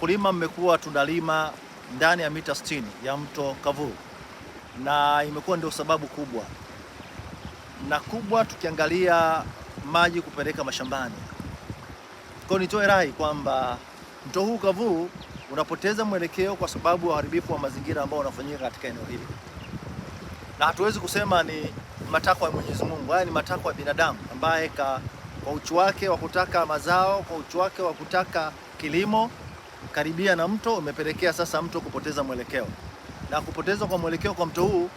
wakulima mmekuwa tunalima ndani ya mita 60 ya mto Kavuu na imekuwa ndio sababu kubwa na kubwa, tukiangalia maji kupeleka mashambani. Kwa nitoe rai kwamba mto huu Kavuu unapoteza mwelekeo kwa sababu ya uharibifu wa mazingira ambao unafanyika katika eneo hili, na hatuwezi kusema ni matakwa ya Mwenyezi Mungu, haya ni matakwa ya binadamu ambaye kwa uchu wake wa kutaka mazao, kwa uchu wake wa kutaka kilimo karibia na mto umepelekea sasa mto kupoteza mwelekeo, na kupoteza kwa mwelekeo kwa mto huu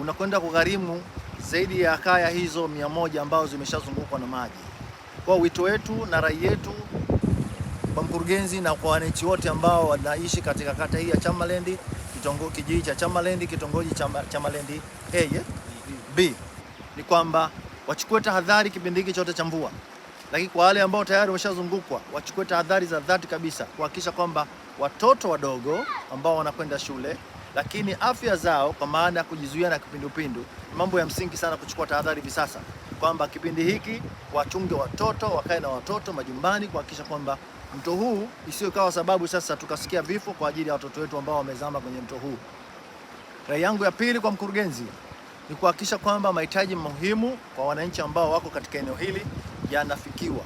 unakwenda kugharimu zaidi ya kaya hizo mia moja ambazo zimeshazungukwa na maji. Kwa wito wetu na rai yetu kwa mkurugenzi na kwa wananchi wote ambao wanaishi katika kata hii ya Chamalendi, kijiji cha Chamalendi, kitongoji cha Chamalendi A B, ni kwamba wachukue tahadhari kipindi hiki chote cha mvua. Lakini kwa wale ambao tayari washazungukwa, wachukue tahadhari za dhati kabisa kuhakikisha kwamba watoto wadogo ambao wanakwenda shule, lakini afya zao, kwa maana ya kujizuia na kipindupindu, mambo ya msingi sana kuchukua tahadhari hivi sasa kwamba kipindi hiki wachunge watoto, wakae na watoto majumbani kuhakikisha kwamba mto huu isiyo kawa sababu sasa tukasikia vifo kwa ajili ya watoto wetu ambao wamezama kwenye mto huu. Rai yangu ya pili kwa mkurugenzi ni kuhakikisha kwamba mahitaji muhimu kwa wananchi ambao wako katika eneo hili yanafikiwa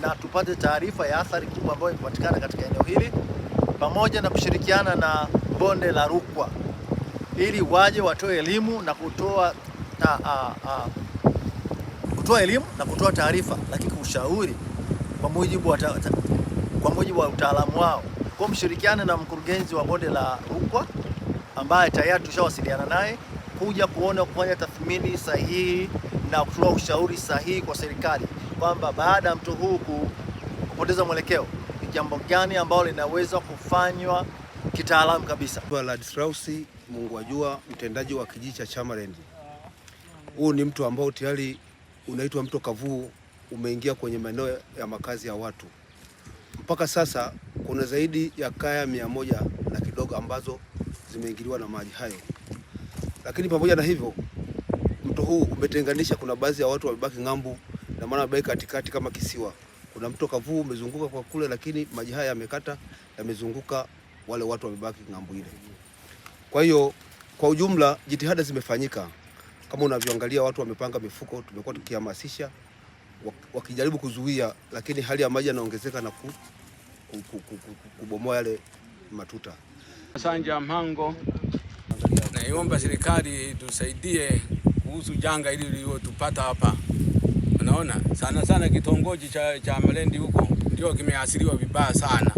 na tupate taarifa ya athari kubwa ambayo imepatikana katika eneo hili, pamoja na kushirikiana na bonde la Rukwa ili waje watoe elimu na kutoa ta, a, a, kutoa elimu na kutoa taarifa, lakini kushauri kwa mujibu wa, kwa mujibu wa utaalamu wao. Kwa mshirikiane na mkurugenzi wa bonde la Rukwa ambaye tayari tushawasiliana naye kuja kuona kufanya tathmini sahihi na kutoa ushauri sahihi kwa serikali kwamba baada ya mto huu kupoteza mwelekeo ni jambo gani ambalo linaweza kufanywa kitaalamu kabisa. Ladislaus Mungu ajua, mtendaji wa kijiji cha Chamarendi. Huu ni mto ambao tayari unaitwa mto Kavuu, umeingia kwenye maeneo ya makazi ya watu. Mpaka sasa kuna zaidi ya kaya mia moja na kidogo ambazo zimeingiliwa na maji hayo, lakini pamoja na hivyo mto huu umetenganisha, kuna baadhi ya watu wamebaki ng'ambo na maana amebaiki katikati kama kisiwa. Kuna mto Kavuu umezunguka kwa kule, lakini maji haya yamekata, yamezunguka wale watu wamebaki ng'ambo ile. Kwa hiyo kwa ujumla jitihada zimefanyika kama unavyoangalia, watu wamepanga mifuko, tumekuwa tukihamasisha wakijaribu kuzuia, lakini hali ya maji yanaongezeka na kubomoa yale matuta. Sanja Mhango, naiomba serikali tusaidie kuhusu janga hili lililotupata hapa. Unaona, sana sana kitongoji cha, cha Malendi huko ndio kimeathiriwa vibaya sana.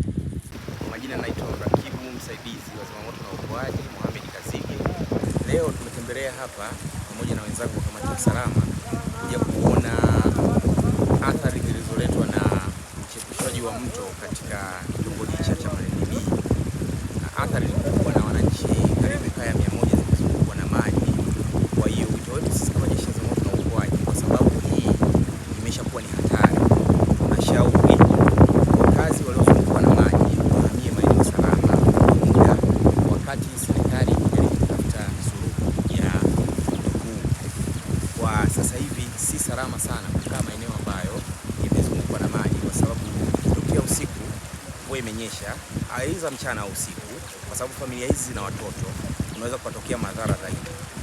Majina naitwa Rakibu, msaidizi wa zimamoto na uokoaji Mohamed Kazigi. Leo tumetembelea hapa pamoja na wenzangu wa kamati ya usalama kuja kuona athari zilizoletwa na mchepushaji wa mto katika sasa hivi si salama sana kukaa maeneo ambayo imezungukwa na maji, kwa sababu tokea usiku huwa imenyesha, aiza mchana au usiku, kwa sababu familia hizi zina watoto, unaweza kuwatokea madhara zaidi.